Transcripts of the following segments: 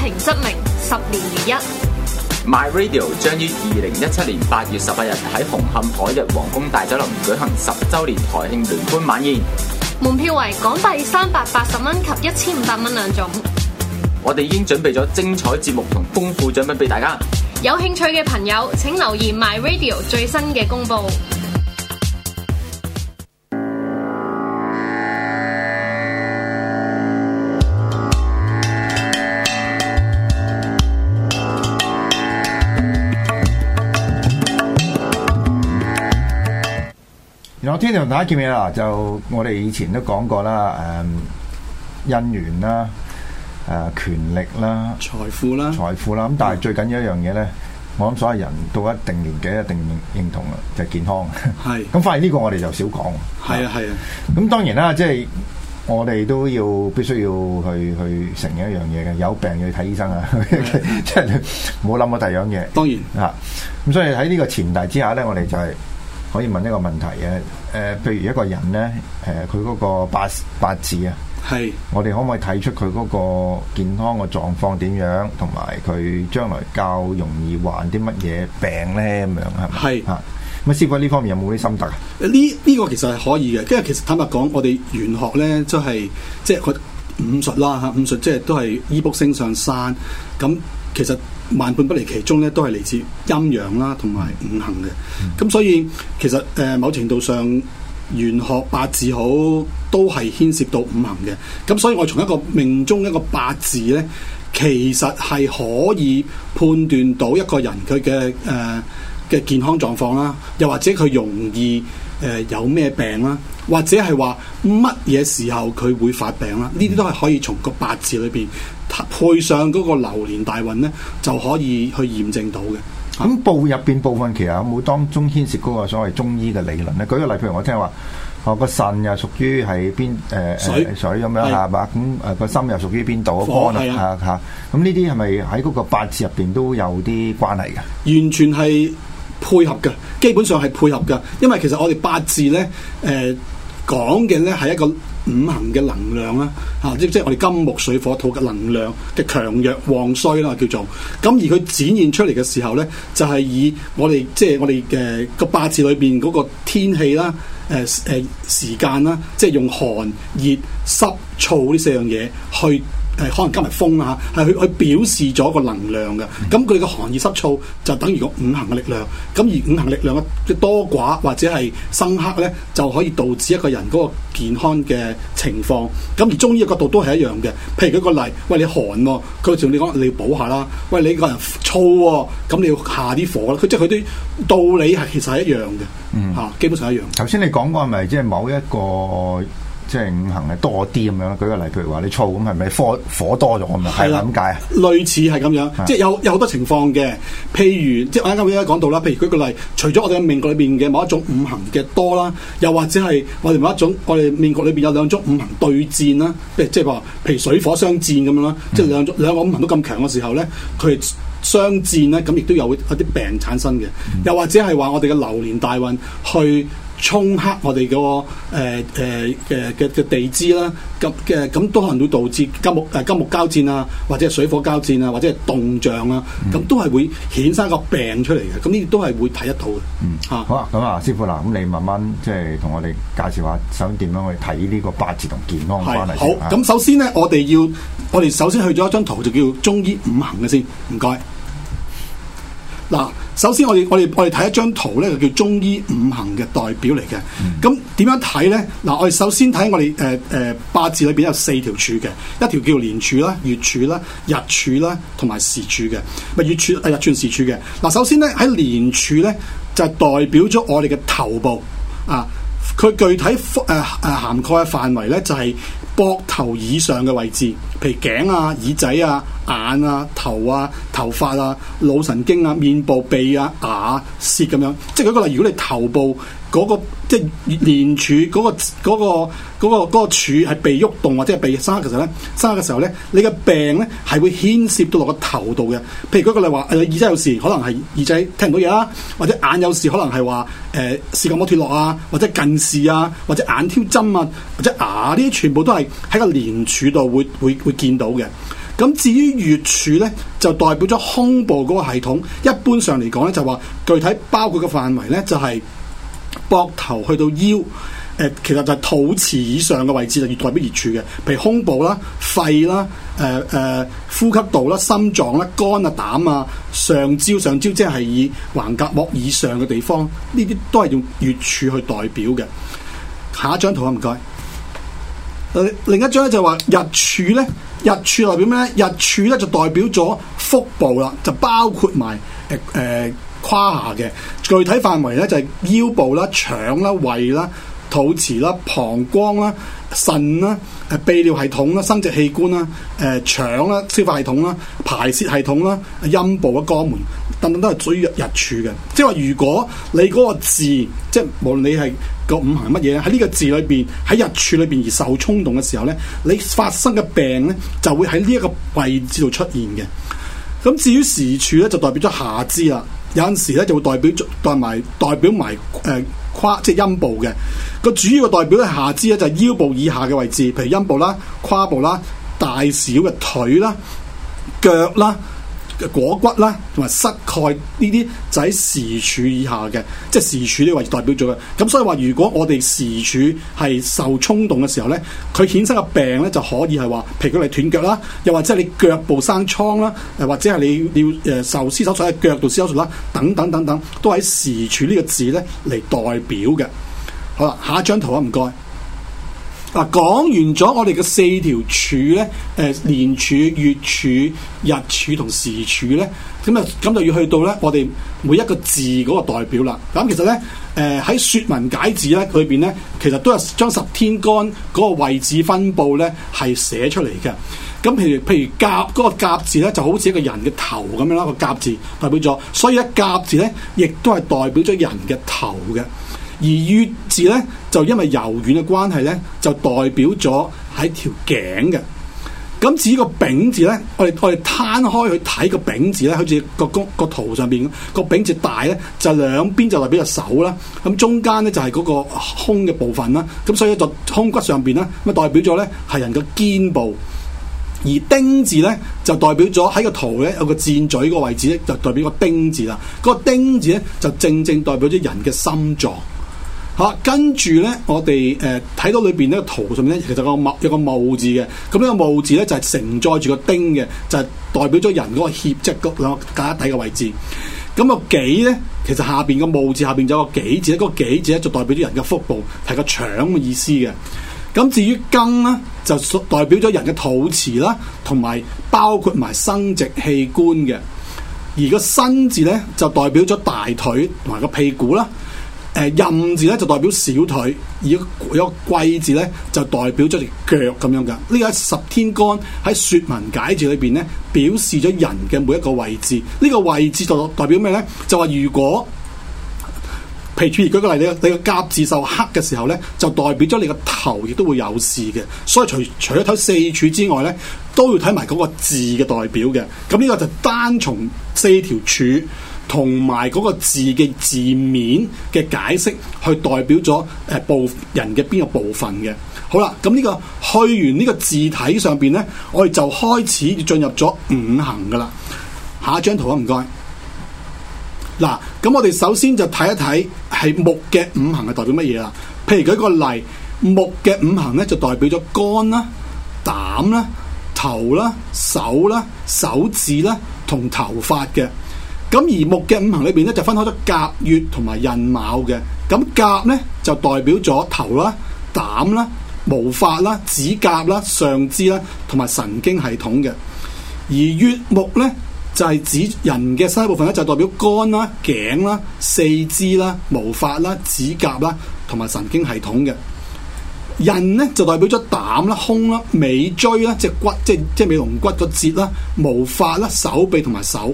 憑則名，十年如一。My Radio 將於二零一七年八月十八日喺紅磡海逸皇宮大酒樓舉行十周年台慶聯歡晚宴，門票為港幣三百八十蚊及一千五百蚊兩種。我哋已經準備咗精彩節目同豐富獎品俾大家。有興趣嘅朋友，請留言，My Radio 最新嘅公布。今日同大家見面啦，就我哋以前都講過啦，誒、嗯、姻緣啦，誒、呃、權力啦，財富啦，財富啦，咁但係最緊要一樣嘢咧，我諗所有人到一定年紀一定認同啦，就係健康。係。咁反而呢個我哋就少講。係啊係啊。咁當然啦，即係我哋都要必須要去去承認一樣嘢嘅，有病要睇醫生啊，即係冇諗過第二樣嘢。當然啊。咁所以喺呢個前提之下咧，我哋就係。可以問一個問題嘅，誒、呃，譬如一個人咧，誒、呃，佢嗰個八八字啊，係是，我哋可唔可以睇出佢嗰個健康嘅狀況點樣？同埋佢將來較容易患啲乜嘢病咧咁樣，係咪？係啊是，咁啊，師傅呢方面有冇啲心得啊？呢呢、這個其實係可以嘅，因為其實坦白講，我哋玄學咧，即係即係佢五術啦嚇，五術即、就、係、是、都係醫卜星上山，咁其實。萬變不離其宗咧，都係嚟自陰陽啦，同埋五行嘅。咁所以其實誒、呃、某程度上，玄學八字好都係牽涉到五行嘅。咁所以我從一個命中一個八字咧，其實係可以判斷到一個人佢嘅誒、呃嘅健康狀況啦，又或者佢容易誒、哎、有咩病啦，或者係話乜嘢時候佢會發病啦？呢啲都係可以從個八字裏邊配上嗰個流年大運咧，就可以去驗證到嘅。咁、嗯、部入邊部分，其實有冇當中牽涉嗰個所謂中醫嘅理論咧？舉個例，譬如我聽話，哦個腎又屬於係邊誒水水咁樣嚇嘛？咁誒個心又屬於邊度嗰方啊嚇？咁呢啲係咪喺嗰個八字入邊都有啲關係㗎？完全係。配合嘅，基本上係配合嘅，因為其實我哋八字咧，誒講嘅咧係一個五行嘅能量啦，嚇、啊、即即係我哋金木水火土嘅能量嘅強弱旺衰啦、啊，叫做咁而佢展現出嚟嘅時候咧，就係、是、以我哋即係我哋嘅個八字裏邊嗰個天氣啦，誒、呃、誒時間啦、啊，即係用寒熱濕燥呢四樣嘢去。係可能今日風啦嚇，係佢佢表示咗個能量嘅。咁佢哋嘅寒熱濕燥就等於個五行嘅力量。咁而五行力量嘅多寡或者係深刻咧，就可以導致一個人嗰個健康嘅情況。咁而中醫嘅角度都係一樣嘅。譬如舉一個例，喂，你寒喎，佢同你講你要補下啦。喂，你個人燥喎，咁你要下啲火啦。佢即係佢啲道理係其實係一樣嘅嚇，嗯、基本上一樣。頭先你講過係咪即係某一個？即係五行嘅多啲咁樣咯，舉個例是是、啊，譬如話你燥咁，係咪火火多咗咁啊？係啦，點解啊？類似係咁樣，即係有有好多情況嘅。譬如即我啱啱我依家講到啦，譬如舉個例，除咗我哋嘅命局裏邊嘅某一種五行嘅多啦，又或者係我哋某一種，我哋命局裏邊有兩種五行對戰啦，即係即話譬如水火相戰咁樣啦，嗯、即係兩種兩個五行都咁強嘅時候咧，佢相戰咧，咁亦都有會有啲病產生嘅。又或者係話我哋嘅流年大運去。沖剋我哋個誒誒誒嘅嘅地支啦，咁嘅咁都可能會導致金木誒金木交戰啊，或者水火交戰啊，或者係動象啊，咁都係會衍生個病出嚟嘅，咁呢啲都係會睇得到嘅。嗯，吓好啦，咁啊，師傅嗱，咁你慢慢即係同我哋介紹下，想點樣去睇呢個八字同健康關係好，咁、啊、首先咧，我哋要我哋首先去咗一張圖，就叫中醫五行嘅先，唔該。嗱，首先我哋我哋我哋睇一張圖咧，就叫中醫五行嘅代表嚟嘅。咁點、嗯、樣睇咧？嗱，我哋首先睇我哋誒誒八字裏邊有四條柱嘅，一條叫年柱啦、月柱啦、日柱啦，同埋時柱嘅。咪月柱、誒日柱、時柱嘅。嗱，首先咧喺年柱咧，就係代表咗我哋嘅頭部啊。佢具體誒誒涵蓋嘅範圍咧，就係膊頭以上嘅位置。譬如頸啊、耳仔啊、眼啊、頭啊、頭髮啊、腦神經啊、面部、鼻啊、牙、啊、舌咁樣，即係舉個例。如果你頭部嗰、嗰個即係連、嗰個嗰個嗰個嗰個、柱嗰個嗰個嗰柱係被喐動，動或者係被生，其實咧生嘅時候咧，你嘅病咧係會牽涉到落個頭度嘅。譬如嗰個例話，誒耳仔有時可能係耳仔聽唔到嘢啦，或者眼有時可能係話誒視覺膜脱落啊，或者近視啊，或者眼挑針啊，或者牙呢啲全部都係喺個連柱度會會。會會會會會會見到嘅，咁至於月柱咧，就代表咗胸部嗰個系統。一般上嚟講咧，就話具體包括嘅範圍咧，就係膊頭去到腰，誒、呃，其實就係肚臍以上嘅位置就代表咗月柱嘅，譬如胸部啦、肺啦、誒、呃、誒、呃、呼吸道啦、心臟啦、肝啊、膽啊、上焦、上焦即係以橫膈膜以上嘅地方，呢啲都係用月柱去代表嘅。下一張圖啊，唔該。另一張咧就話日柱咧，日柱代表咩咧？日柱咧就代表咗腹部啦，就包括埋誒誒胯下嘅具體範圍咧，就係腰部啦、腸啦、胃啦、肚臍啦、膀胱啦、腎啦、誒泌尿系統啦、生殖器官啦、誒、呃、腸啦、消化系統啦、排泄系統啦、陰部嘅肛門。等等都係主日日柱嘅，即係話如果你嗰個字，即係無論你係個五行乜嘢，喺呢個字裏邊，喺日柱裏邊而受衝動嘅時候咧，你發生嘅病咧就會喺呢一個位置度出現嘅。咁至於時柱咧，就代表咗下肢啦，有陣時咧就會代表代埋代表埋誒胯，即係陰部嘅個主要嘅代表係下肢咧，就係、是、腰部以下嘅位置，譬如陰部啦、胯部啦、大小嘅腿啦、腳啦。果骨啦，同埋膝蓋呢啲就喺時柱以下嘅，即時柱呢位置代表咗嘅。咁所以話，如果我哋時柱係受衝動嘅時候咧，佢衍生嘅病咧，就可以係話譬如你斷腳啦，又或者你腳部生瘡啦，誒或者係你，你要誒受施手術喺腳度施手術啦，等等等等，都喺時柱呢個字咧嚟代表嘅。好啦，下一張圖啊，唔該。嗱，講完咗我哋嘅四條柱咧，誒、呃、年柱、月柱、日柱同時柱咧，咁啊，咁就要去到咧我哋每一個字嗰個代表啦。咁其實咧，誒、呃、喺《説文解字》呢咧裏邊咧，其實都有將十天干嗰個位置分布咧係寫出嚟嘅。咁譬如譬如甲嗰、那個甲字咧，就好似一個人嘅頭咁樣啦，那個甲字代表咗，所以一甲字咧，亦都係代表咗人嘅頭嘅。而乙字咧，就因為柔軟嘅關係咧，就代表咗喺條頸嘅。咁至於個丙字咧，我哋我哋攤開去睇個丙字咧，好似個公個圖上邊個丙字大咧，就兩邊就代表隻手啦。咁中間咧就係嗰個胸嘅部分啦。咁所以就胸骨上邊咧，咁代表咗咧係人嘅肩部。而丁字咧就代表咗喺個圖咧有個箭嘴個位置咧，就代表個丁字啦。個丁字咧就正正代表咗人嘅心臟。好、啊，跟住咧，我哋誒睇到裏邊呢個圖上面咧，其實個戊有個戊字嘅，咁、這個、呢個戊字咧就係、是、承載住個丁嘅，就係、是、代表咗人嗰、就是、個脅即係個腳底嘅位置。咁、那個己咧，其實下邊個戊字下邊就有個己字，嗰、那個己字咧就代表咗人嘅腹部，係個腸嘅意思嘅。咁至於庚咧，就代表咗人嘅肚臍啦，同埋包括埋生殖器官嘅。而個辛字咧，就代表咗大腿同埋個屁股啦。誒、呃、壬字咧就代表小腿，而有癸字咧就代表咗條腳咁樣嘅。呢個喺十天干喺説文解字裏邊咧，表示咗人嘅每一個位置。呢、這個位置就代表咩咧？就話如果譬如舉個例，你你個甲字受克嘅時候咧，就代表咗你個頭亦都會有事嘅。所以除除咗睇四柱之外咧，都要睇埋嗰個字嘅代表嘅。咁呢個就單從四條柱。同埋嗰個字嘅字面嘅解釋，去代表咗誒部人嘅邊個部分嘅。好啦，咁呢個去完呢個字體上邊呢，我哋就開始進入咗五行噶啦。下一張圖啊，唔該。嗱，咁我哋首先就睇一睇係木嘅五行係代表乜嘢啦？譬如舉個例，木嘅五行呢，就代表咗肝啦、啊、膽啦、啊、頭啦、啊、手啦、啊、手指啦、啊、同頭髮嘅。咁而木嘅五行裏邊咧就分開咗甲、乙同埋寅、卯嘅。咁甲咧就代表咗頭啦、膽啦、毛髮啦、指甲啦、上肢啦同埋神經系統嘅。而乙木咧就係指人嘅身體部分咧，就代表肝啦、頸啦、四肢啦、毛髮啦、指甲啦同埋神經系統嘅。寅咧就代表咗膽啦、胸啦、尾椎啦、即係骨，即係即係尾龍骨嗰節啦、毛髮啦、手臂同埋手。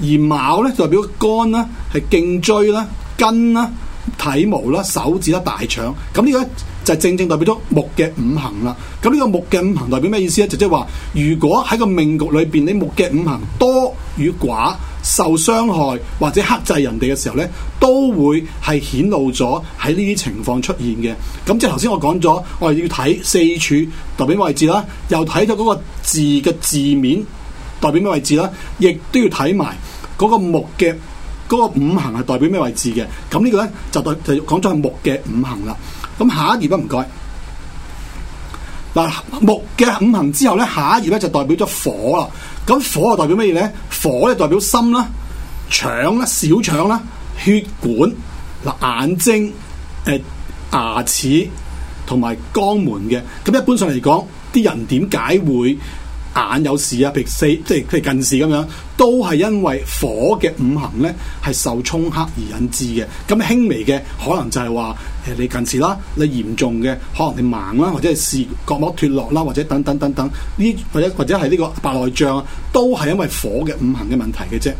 而卯咧代表肝啦，係頸椎啦、筋啦、體毛啦、手指啦、大腸。咁呢個就正正代表咗木嘅五行啦。咁呢個木嘅五行代表咩意思咧？就即係話，如果喺個命局裏邊，你木嘅五行多與寡、受傷害或者克制人哋嘅時候咧，都會係顯露咗喺呢啲情況出現嘅。咁即係頭先我講咗，我哋要睇四柱代表位置啦，又睇咗嗰個字嘅字面。代表咩位置咧？亦都要睇埋嗰個木嘅嗰個五行係代表咩位置嘅？咁呢個咧就代就講咗係木嘅五行啦。咁下一頁啦，唔該。嗱，木嘅五行之後咧，下一頁咧就代表咗火啦。咁火係代表乜嘢咧？火咧代表心啦、腸啦、小腸啦、血管、嗱、眼睛、誒、呃、牙齒同埋肛門嘅。咁一般上嚟講，啲人點解會？眼有事啊，譬如四，即係譬如近視咁樣。都係因為火嘅五行咧，係受沖克而引致嘅。咁輕微嘅可能就係話誒你近視啦，你嚴重嘅可能你盲啦，或者係視角膜脱落啦，或者等等等等，呢或者或者係呢個白內障啊，都係因為火嘅五行嘅問題嘅啫。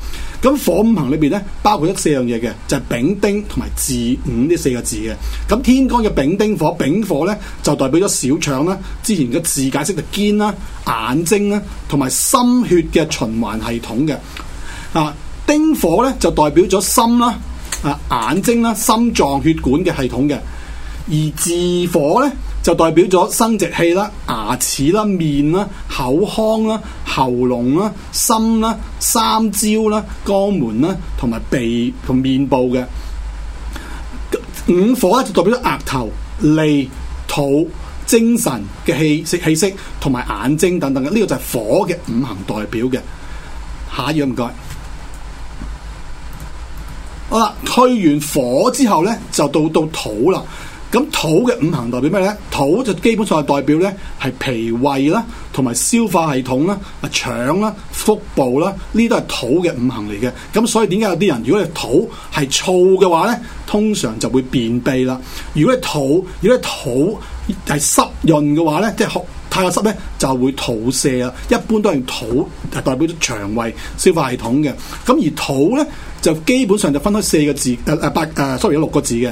咁火五行裏邊咧，包括咗四樣嘢嘅，就係、是、丙丁同埋巳午呢四個字嘅。咁天干嘅丙丁火，丙火咧就代表咗小腸啦。之前嘅字解釋就肩啦、眼睛啦，同埋心血嘅循環系統。啊、丁火咧就代表咗心啦、啊眼睛啦、心臟血管嘅系統嘅；而巳火咧就代表咗生殖器啦、牙齒啦、面啦、口腔啦、喉嚨啦、心啦、三焦啦、肛門啦，同埋鼻同面部嘅。午火咧就代表咗額頭、脷、肚、精神嘅氣息、氣息同埋眼睛等等嘅。呢、這個就係火嘅五行代表嘅。下嘢唔該，好啦，推完火之後咧，就到到土啦。咁土嘅五行代表咩咧？土就基本上係代表咧係脾胃啦，同埋消化系統啦，啊腸啦、腹部啦，呢都係土嘅五行嚟嘅。咁所以點解有啲人，如果你土係燥嘅話咧，通常就會便秘啦。如果係土，如果係土係濕潤嘅話咧，即係太過濕咧就會肚瀉啦，一般都係用土代表咗腸胃消化系統嘅。咁而土咧就基本上就分開四個字，誒、啊、誒八誒、啊，sorry 有六個字嘅。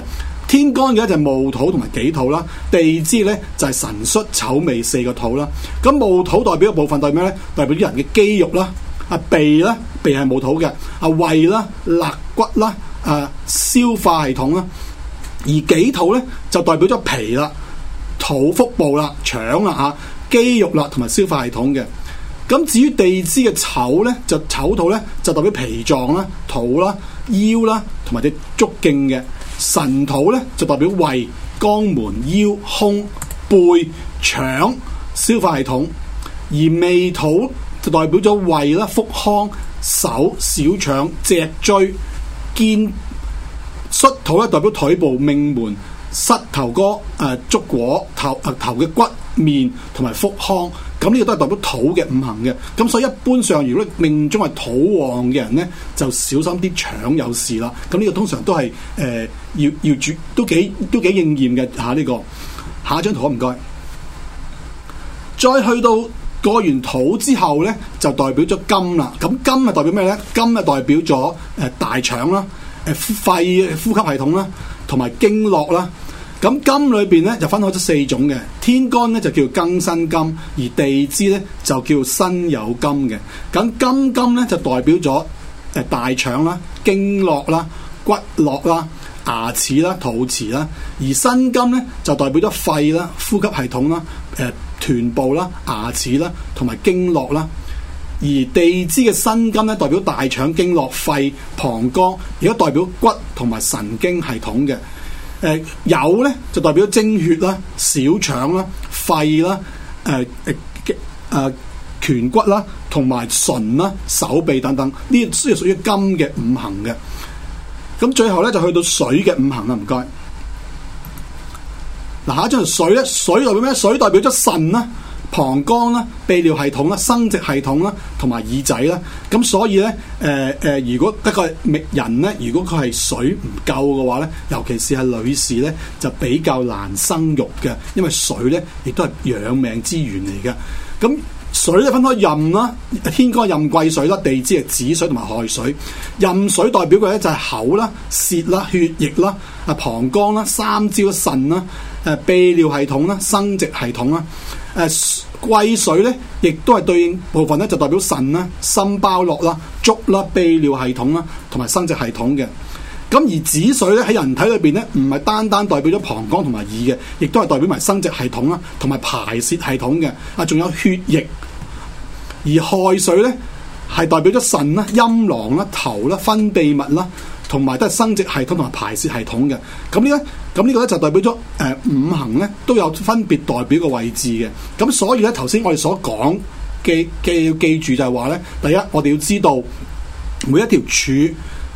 天干嘅就係戊土同埋己土啦，地支咧就係辰戌丑未四個土啦。咁戊土代表一部分代表咩咧？代表啲人嘅肌肉啦，啊鼻啦，鼻係戊土嘅，啊胃啦、肋骨啦、啊消化系統啦，而己土咧就代表咗脾啦。肚腹部啦、腸啦、吓肌肉啦，同埋消化系統嘅。咁至於地支嘅丑呢，就丑土呢，就代表脾臟啦、肚啦、腰啦，同埋啲足徑嘅。辰土呢，就代表胃、肛門、腰、胸、背、腸、消化系統。而未土就代表咗胃啦、腹腔、手、小腸、脊椎、肩、戌土咧，代表腿部命門。膝頭哥、誒、呃、足果、頭誒頭嘅骨面同埋腹腔，咁呢個都係代表土嘅五行嘅。咁所以一般上，如果你命中係土旺嘅人咧，就小心啲腸有事啦。咁呢個通常都係誒、呃、要要注，都幾都幾應驗嘅嚇呢個。下一張圖，唔該。再去到過完土之後咧，就代表咗金啦。咁金係代表咩咧？金係代表咗誒、呃、大腸啦、誒肺呼吸系統啦。同埋經絡啦，咁金裏邊咧就分開咗四種嘅，天干咧就叫庚辛金，而地支咧就叫申酉金嘅。咁金金咧就代表咗誒大腸啦、經絡啦、骨骼啦、牙齒啦、肚臍啦，而辛金咧就代表咗肺啦、呼吸系統啦、誒臀部啦、牙齒啦，同埋經絡啦。而地支嘅申金咧，代表大腸經絡、肺、膀胱；而果代表骨同埋神經系統嘅，誒酉咧就代表精血啦、小腸啦、肺啦、誒誒誒顴骨啦、同埋腎啦、手臂等等，呢啲屬於屬於金嘅五行嘅。咁最後咧就去到水嘅五行啦，唔該。嗱，一張水咧，水代表咩？水代表咗腎啦。膀胱啦、泌尿系統啦、生殖系統啦，同埋耳仔啦。咁所以咧，誒、呃、誒、呃，如果一個人咧，如果佢係水唔夠嘅話咧，尤其是係女士咧，就比較難生育嘅，因為水咧亦都係養命之源嚟嘅。咁、嗯、水咧分開壬啦，天干、壬癸水啦，地支係子水同埋亥水。壬水代表嘅咧就係口啦、舌啦、血液啦、啊膀胱啦、三焦腎啦、誒泌尿系統啦、生殖系統啦。誒、啊、癸水咧，亦都係對應部分咧，就代表腎啦、心包絡啦、足啦、泌尿系統啦，同埋生殖系統嘅。咁而子水咧喺人體裏邊咧，唔係單單代表咗膀胱同埋耳嘅，亦都係代表埋生殖系統啦，同埋排泄系統嘅。啊，仲有血液。而亥水咧，係代表咗腎啦、陰囊啦、頭啦、分泌物啦。同埋都係生殖系統同埋排泄系統嘅，咁呢、呢個，咁呢個咧就代表咗誒、呃、五行咧都有分別代表個位置嘅，咁所以咧頭先我哋所講嘅記記要記住就係話咧，第一我哋要知道每一條柱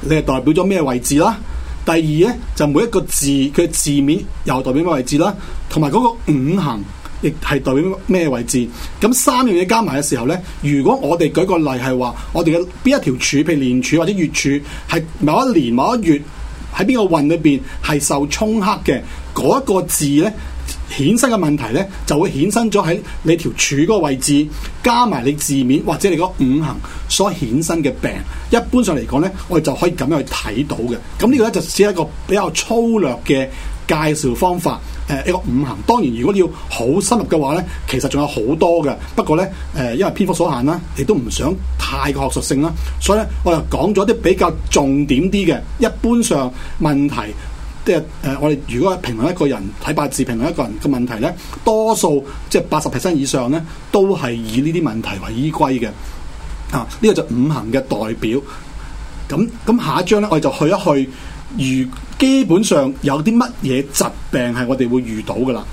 你係代表咗咩位置啦，第二咧就每一個字佢個字面又代表咩位置啦，同埋嗰個五行。亦係代表咩位置？咁三樣嘢加埋嘅時候呢，如果我哋舉個例係話，我哋嘅邊一條柱，譬如年柱或者月柱，喺某一年某一月喺邊個運裏邊係受沖克嘅嗰一個字呢，衍生嘅問題呢，就會衍生咗喺你條柱嗰個位置，加埋你字面或者你個五行所衍生嘅病，一般上嚟講呢，我哋就可以咁樣去睇到嘅。咁呢個呢，就只係一個比較粗略嘅介紹方法。誒一個五行，當然如果你要好深入嘅話咧，其實仲有好多嘅。不過咧，誒、呃、因為篇幅所限啦、啊，亦都唔想太過學術性啦、啊，所以咧，我又講咗啲比較重點啲嘅一般上問題，即係誒我哋如果係評論一個人睇八字評論一個人嘅問題咧，多數即係八十 percent 以上咧，都係以呢啲問題為依歸嘅。啊，呢、這個就五行嘅代表。咁咁下一章咧，我哋就去一去如。基本上有啲乜嘢疾病係我哋會遇到噶啦。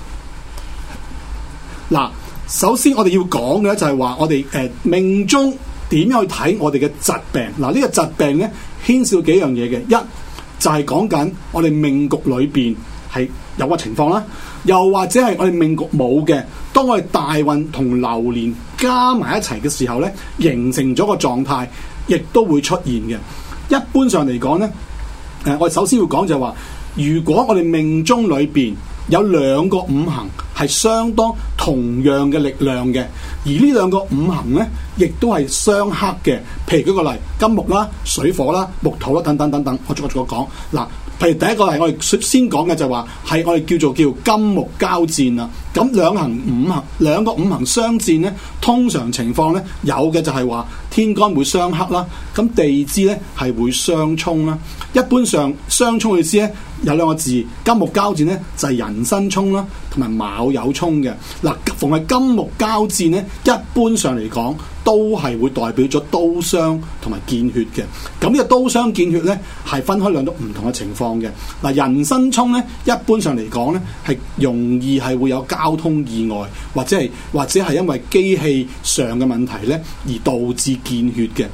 嗱，首先我哋要講嘅就係話我哋誒、呃、命中點樣去睇我哋嘅疾病。嗱，呢、這個疾病咧牽涉幾樣嘢嘅，一就係講緊我哋命局裏邊係有個情況啦，又或者係我哋命局冇嘅。當我哋大運同流年加埋一齊嘅時候咧，形成咗個狀態，亦都會出現嘅。一般上嚟講咧。誒，我首先要講就係話，如果我哋命中裏邊有兩個五行係相當同樣嘅力量嘅，而呢兩個五行呢亦都係相克嘅。譬如舉個例，金木啦、水火啦、木土啦等等等等，我逐個逐個講。嗱，譬如第一個例，我哋先講嘅就係話，係我哋叫做叫金木交戰啦。咁兩行五行兩個五行相戰呢，通常情況呢，有嘅就係話。天干會相克啦，咁地支咧係會相沖啦。一般上相沖嘅意思咧有兩個字，金木交戰咧就係人身沖啦，同埋卯酉沖嘅。嗱，逢係金木交戰咧，一般上嚟講都係會代表咗刀傷同埋見血嘅。咁呢個刀傷見血咧係分開兩種唔同嘅情況嘅。嗱，人身沖咧一般上嚟講咧係容易係會有交通意外，或者係或者係因為機器上嘅問題咧而導致見血嘅，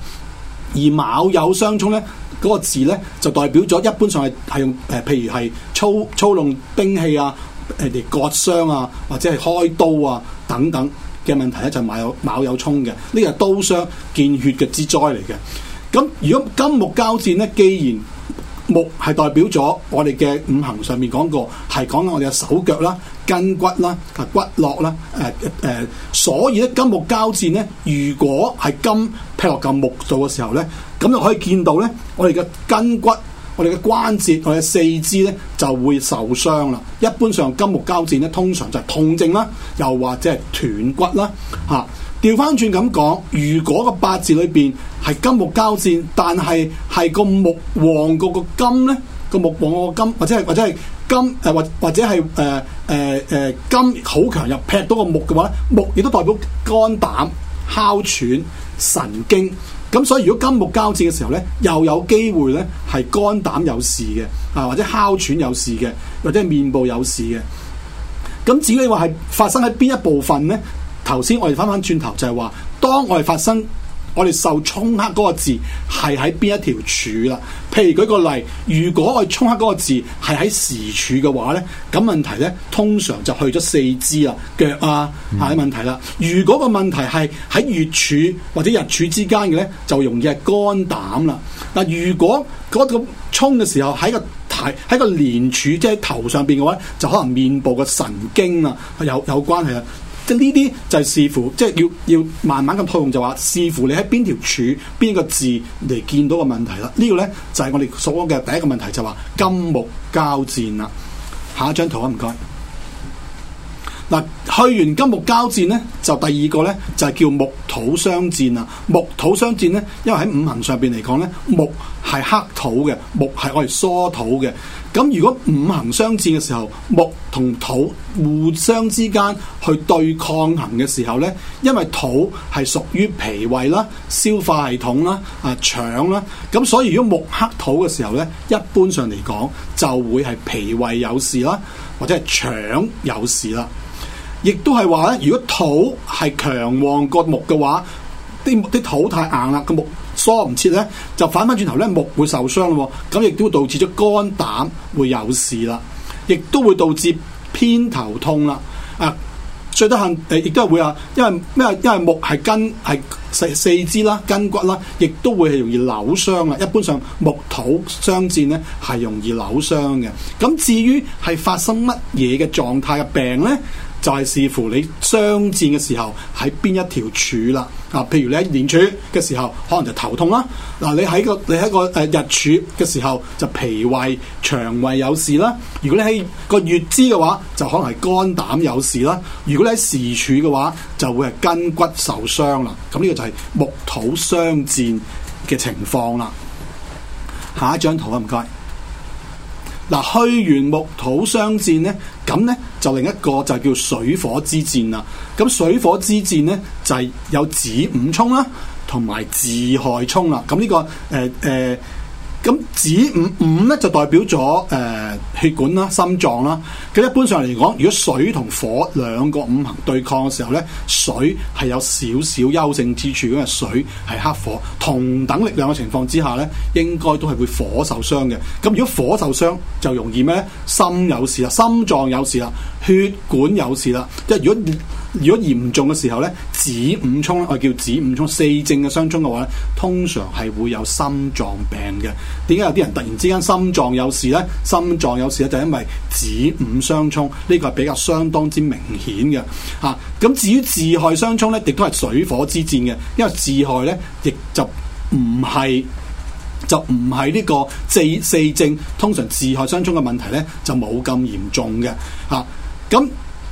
而卯酉相沖咧，嗰、那個字咧就代表咗一般上係係用誒，譬如係操操弄兵器啊，誒，割傷啊，或者係開刀啊等等嘅問題咧，就卯卯酉沖嘅，呢個係刀傷見血嘅之災嚟嘅。咁如果金木交戰咧，既然木係代表咗我哋嘅五行上面講過，係講緊我哋嘅手腳啦、筋骨啦、骨骼啦。誒、呃、誒、呃，所以咧金木交戰咧，如果係金劈落嚿木度嘅時候咧，咁就可以見到咧，我哋嘅筋骨、我哋嘅關節、我哋嘅四肢咧就會受傷啦。一般上金木交戰咧，通常就係痛症啦，又或者係斷骨啦，嚇、啊。調翻轉咁講，如果個八字裏邊係金木交戰，但係係個木旺個個金咧，個木旺個金，或者係或者係金誒、呃，或或者係誒誒誒金好強入劈到個木嘅話，木亦都代表肝膽哮喘神經。咁所以如果金木交戰嘅時候咧，又有機會咧係肝膽有事嘅，啊或者哮喘有事嘅，或者係面部有事嘅。咁至於你話係發生喺邊一部分咧？頭先我哋返返轉頭就係話，當我哋發生我哋受沖克嗰個字係喺邊一條柱啦。譬如舉個例，如果我沖克嗰個字係喺時柱嘅話咧，咁問題咧通常就去咗四肢腳啊、腳啊啲問題啦。如果個問題係喺月柱或者日柱之間嘅咧，就容易係肝膽啦。嗱，如果嗰個沖嘅時候喺個頭喺個年柱即係、就是、頭上邊嘅話，就可能面部嘅神經啊有有關係啦。即呢啲就係視乎，即係要要慢慢咁套用。就話、是、視乎你喺邊條柱、邊個字嚟見到個問題啦。這個、呢個咧就係、是、我哋所講嘅第一個問題，就話、是、金木交戰啦。下一張圖啊，唔該。嗱，去完金木交戰咧，就第二個咧就係叫木土相戰啦。木土相戰咧，因為喺五行上邊嚟講咧，木係黑土嘅，木係我哋疏土嘅。咁如果五行相戰嘅時候，木同土互相之間去對抗衡嘅時候咧，因為土係屬於脾胃啦、消化系統啦、啊腸啦，咁所以如果木克土嘅時候咧，一般上嚟講就會係脾胃有事啦，或者係腸有事啦。亦都係話咧，如果土係強旺過木嘅話，啲木啲土太硬啦，個木疏唔切咧，就反翻轉頭咧，木會受傷咯。咁亦都會導致咗肝膽會有事啦，亦都會導致偏頭痛啦。啊，最得閒誒，亦都係會啊，因為咩？因為木係根，係四四肢啦，筋骨啦，亦都會係容易扭傷啊。一般上木土相戰咧，係容易扭傷嘅。咁至於係發生乜嘢嘅狀態嘅病咧？就係視乎你相戰嘅時候喺邊一條柱啦，啊，譬如你喺年柱嘅時候，可能就頭痛啦。嗱、啊，你喺個你喺個誒、呃、日柱嘅時候，就脾胃腸胃有事啦。如果你喺個月支嘅話，就可能係肝膽有事啦。如果你喺時柱嘅話，就會係筋骨受傷啦。咁呢個就係木土相戰嘅情況啦。下一張圖啊，唔該。嗱，虛元木土相戰呢？咁呢？就另一個就叫水火之戰啦。咁水火之戰咧就係、是、有子午衝啦，同埋子亥衝啦。咁、這個呃呃、呢個誒誒，咁子午午咧就代表咗誒、呃、血管啦、心臟啦。咁一般上嚟講，如果水同火兩個五行對抗嘅時候咧，水係有少少優勝之處，因為水係克火。同等力量嘅情況之下咧，應該都係會火受傷嘅。咁如果火受傷就容易咩？心有事啦，心臟有事啦。血管有事啦，即係如果如果嚴重嘅時候咧，子午衝，我叫子午衝四正嘅相衝嘅話咧，通常係會有心臟病嘅。點解有啲人突然之間心臟有事咧？心臟有事咧，就因為子午相衝，呢、這個係比較相當之明顯嘅嚇。咁、啊、至於巳亥相衝咧，亦都係水火之戰嘅，因為巳亥咧，亦就唔係就唔係呢個四四正，通常巳亥相衝嘅問題咧，就冇咁嚴重嘅嚇。啊。咁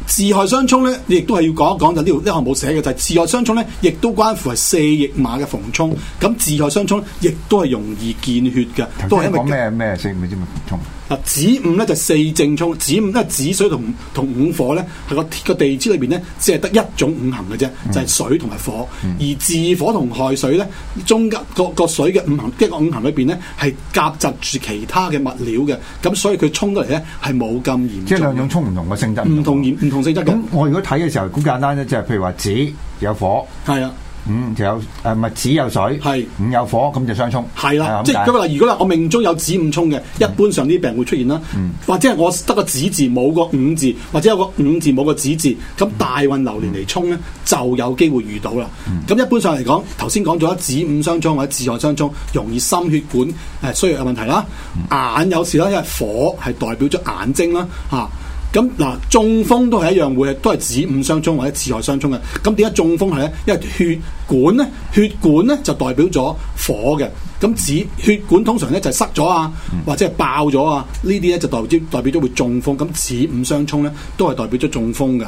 自害相衝咧，你亦都係要講一講，就呢度呢行冇寫嘅就係自害相衝咧，亦都關乎係四驛馬嘅逢衝。咁自害相衝亦都係容易見血嘅，剛才 都係因為咩咩先唔知咩逢衝。啊子午咧就四正沖，子午咧，子水同同午火咧，係個個地支裏邊咧，只係得一種五行嘅啫，嗯、就係水同埋火。嗯、而巳火同亥水咧，中間個個水嘅五行一個五行裏邊咧，係夾雜住其他嘅物料嘅，咁所以佢沖出嚟咧係冇咁嚴重。即係兩種沖唔同嘅性質，唔同唔同性質嘅。咁的我如果睇嘅時候，好簡單咧，就係譬如話子有火，係啊。嗯，就有誒，咪子有水，係午是、嗯、有火，咁就相沖。係啦的，即係嗱，是如果我命中有子午沖嘅，嗯、一般上啲病會出現啦。嗯、或者係我得個子字冇個午字，或者有個午字冇個子字，咁大運流年嚟沖咧，嗯、就有機會遇到啦。咁、嗯、一般上嚟講，頭先講咗子午相沖或者子午相沖，容易心血管誒、呃、衰弱嘅問題啦。眼有事啦，因為火係代表咗眼睛啦，吓、啊。啊啊啊啊啊咁嗱，中風都係一樣會都係子午相沖或者子亥相沖嘅。咁點解中風係咧？因為血管咧，血管咧就代表咗火嘅。咁指血管通常咧就係、是、塞咗啊，或者係爆咗啊，呢啲咧就代表代表咗會中風。咁子午相沖咧都係代表咗中風嘅。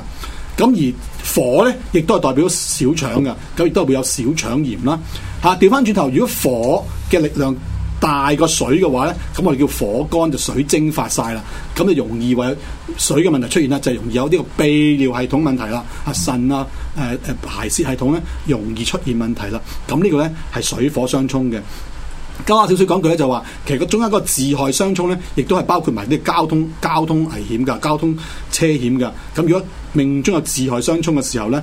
咁而火咧，亦都係代表小腸嘅，咁亦都係會有小腸炎啦。嚇、啊，調翻轉頭，如果火嘅力量大個水嘅話咧，咁我哋叫火乾就水蒸發晒啦，咁就容易話水嘅問題出現啦，就係容易有呢個泌尿系統問題啦，腎啊腎啊誒誒排泄系統咧容易出現問題啦，咁呢個咧係水火相沖嘅。加少少講句咧就話，其實個中間個自害相沖咧，亦都係包括埋啲交通交通危險噶，交通車險噶。咁如果命中有自害相沖嘅時候咧。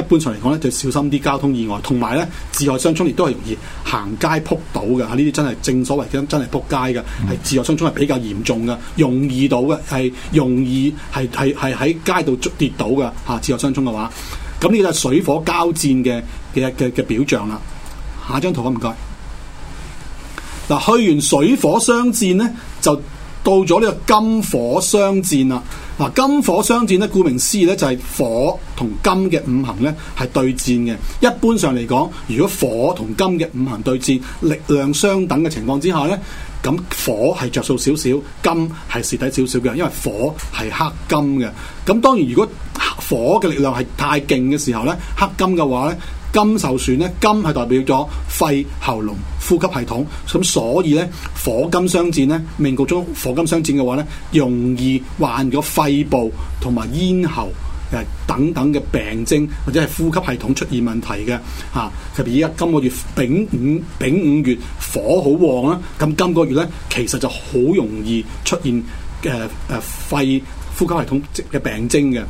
一般上嚟講咧，就要小心啲交通意外，同埋咧，子午相沖亦都係容易行街扑倒嘅。吓、啊，呢啲真係正所謂嘅，真係扑街嘅，係子午相沖係比較嚴重嘅，容易到嘅，係容易係係係喺街度跌倒嘅。吓、啊，子午相沖嘅話，咁呢個係水火交戰嘅嘅嘅嘅表象啦。下張圖吖，唔該。嗱，去完水火相戰咧，就。到咗呢個金火相戰啦，嗱，金火相戰呢，顧名思義呢，就係火同金嘅五行呢係對戰嘅。一般上嚟講，如果火同金嘅五行對戰，力量相等嘅情況之下呢，咁火係着數少少，金係蝕底少少嘅，因為火係克金嘅。咁當然，如果火嘅力量係太勁嘅時候呢，克金嘅話呢。金受損咧，金係代表咗肺、喉嚨、呼吸系統，咁所以咧，火金相戰咧，命局中火金相戰嘅話咧，容易患咗肺部同埋咽喉誒等等嘅病徵，或者係呼吸系統出現問題嘅嚇、啊。特別而家今個月丙午丙五月火好旺啦，咁今個月咧，其實就好容易出現誒誒、呃呃、肺呼吸系統嘅病徵嘅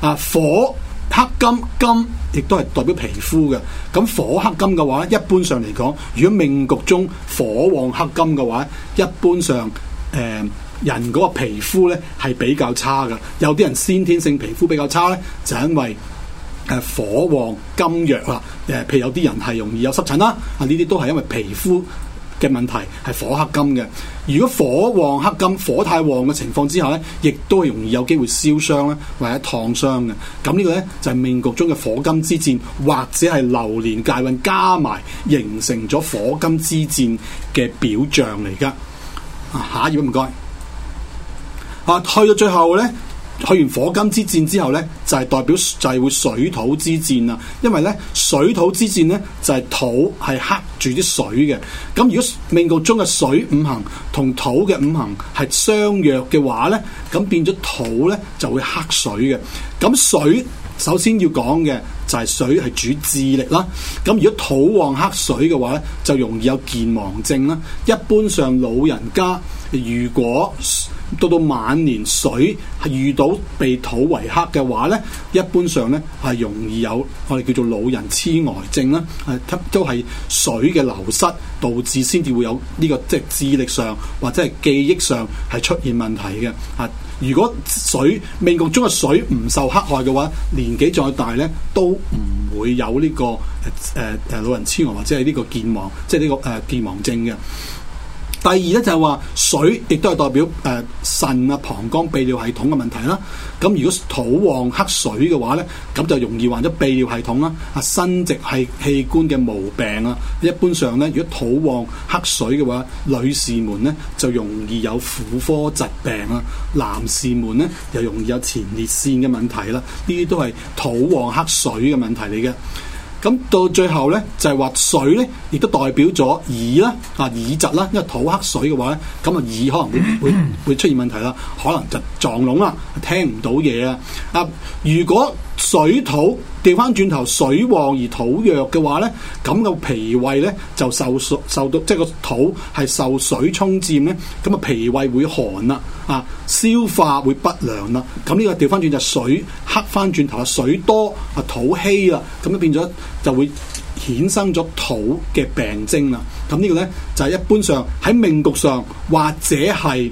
啊火。剋金，金亦都係代表皮膚嘅，咁火剋金嘅話，一般上嚟講，如果命局中火旺剋金嘅話，一般上誒、呃、人嗰個皮膚咧係比較差嘅。有啲人先天性皮膚比較差咧，就係、因為誒火旺金弱啦。誒、呃，譬如有啲人係容易有濕疹啦，啊呢啲都係因為皮膚。嘅問題係火克金嘅，如果火旺克金，火太旺嘅情況之下，呢亦都容易有機會燒傷咧，或者燙傷嘅。咁呢個呢，就係、是、命局中嘅火金之戰，或者係流年大運加埋形成咗火金之戰嘅表象嚟噶。下一頁唔該。啊，去到最後呢。去完火金之戰之後呢，就係代表就係會水土之戰啦。因為呢，水土之戰呢，就係土係剋住啲水嘅。咁如果命局中嘅水五行同土嘅五行係相若嘅話呢，咁變咗土呢，就會剋水嘅。咁水首先要講嘅就係水係主智力啦。咁如果土旺剋水嘅話呢，就容易有健忘症啦。一般上老人家如果到到晚年，水係遇到被土為克嘅話咧，一般上咧係容易有我哋叫做老人痴呆症啦，係都係水嘅流失導致先至會有呢個即係智力上或者係記憶上係出現問題嘅。啊，如果水命局中嘅水唔受克害嘅話，年紀再大咧都唔會有呢個誒誒誒老人痴呆或者係呢個健忘，即係呢個誒健忘症嘅。第二咧就係、是、話水亦都係代表誒、呃、腎啊、膀胱、泌尿系統嘅問題啦。咁如果土旺剋水嘅話咧，咁就容易患咗泌尿系統啦、啊生殖系器官嘅毛病啊。一般上咧，如果土旺剋水嘅話，女士們咧就容易有婦科疾病啊，男士們咧又容易有前列腺嘅問題啦。呢啲都係土旺剋水嘅問題嚟嘅。咁到最後咧，就係話水咧，亦都代表咗耳啦，啊耳疾啦，因為土克水嘅話咧，咁啊耳可能會會會出現問題啦，可能就撞聾啦，聽唔到嘢啊！啊，如果水土掉翻轉頭水旺而土弱嘅話咧，咁個脾胃咧就受受到，即係個土係受水沖佔咧，咁啊脾胃會寒啦，啊消化會不良啦。咁呢個掉翻轉就水克翻轉頭啊，水多啊土稀啦，咁就變咗。就會衍生咗土嘅病徵啦。咁呢個呢，就係一般上喺命局上或者係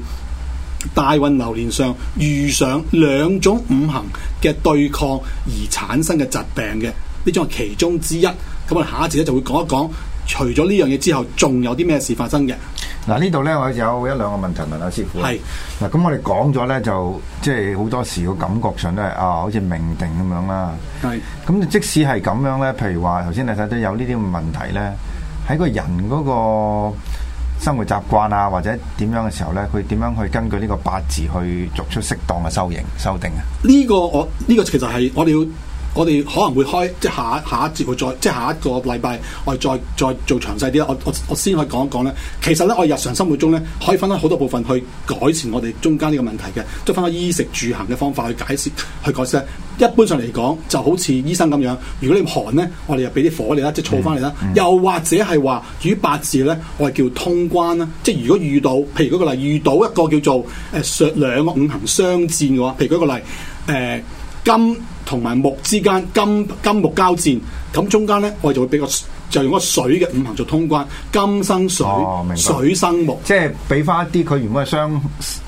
大運流年上遇上兩種五行嘅對抗而產生嘅疾病嘅，呢種係其中之一。咁啊，下一節咧就會講一講，除咗呢樣嘢之後，仲有啲咩事發生嘅。嗱，呢度咧，我有一兩個問題問下師傅。係嗱是，咁我哋講咗咧，就即係好多時個感覺上都係啊、哦，好似命定咁樣啦。係咁是，即使係咁樣咧，譬如話頭先你睇到有呢啲問題咧，喺個人嗰個生活習慣啊，或者點樣嘅時候咧，佢點樣去根據呢個八字去作出適當嘅修型修定啊？呢個我呢、呢個其實係我哋要。我哋可能會開即係下下一節，會再即係下一個禮拜我哋再再做詳細啲啦。我我我先去講一講咧。其實咧我哋日常生活中咧，可以分開好多部分去改善我哋中間呢個問題嘅，都分開衣食住行嘅方法去解釋去改善。一般上嚟講就好似醫生咁樣，如果你寒咧，我哋又俾啲火嚟啦，即係燥翻嚟啦。的又或者係話與八字咧，我哋叫通關啦。即係如果遇到譬如嗰個例，遇到一個叫做誒兩兩個五行相戰嘅話，譬如嗰個例誒。呃金同埋木之間，金金木交戰，咁中間咧我哋就會俾個就用一個水嘅五行做通關，金生水，哦、水生木，即係俾翻一啲佢原本係相誒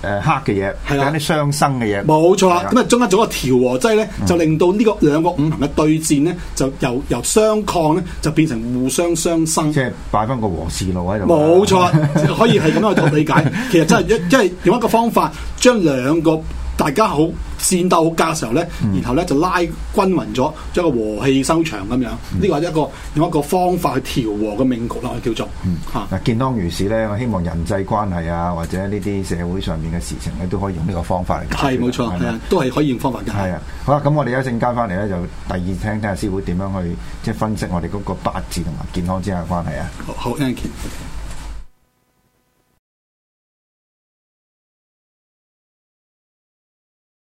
克嘅嘢，揀啲相生嘅嘢。冇錯錯，咁啊中間做一個調和劑咧，就令到呢個兩個五行嘅對戰咧，就由由相抗咧就變成互相相生。即係擺翻個和事佬喺度。冇錯錯，哈哈可以係咁樣去理解。 其實真係一即係用一個方法將兩個大家好。戰鬥家嘅時候咧，然後咧就拉均勻咗，做、嗯、一個和氣收場咁樣。呢個係一個用一個方法去調和嘅命局啦，叫做。嗯、啊，健康如是咧，我希望人際關係啊，或者呢啲社會上面嘅事情咧，都可以用呢個方法嚟解決。係，冇錯，係啊嗎，都係可以用方法嘅。係啊，好啦，咁我哋一陣間翻嚟咧，就第二聽聽阿師傅點樣去即係分析我哋嗰個八字同埋健康之間嘅關係啊。好，好，thank you。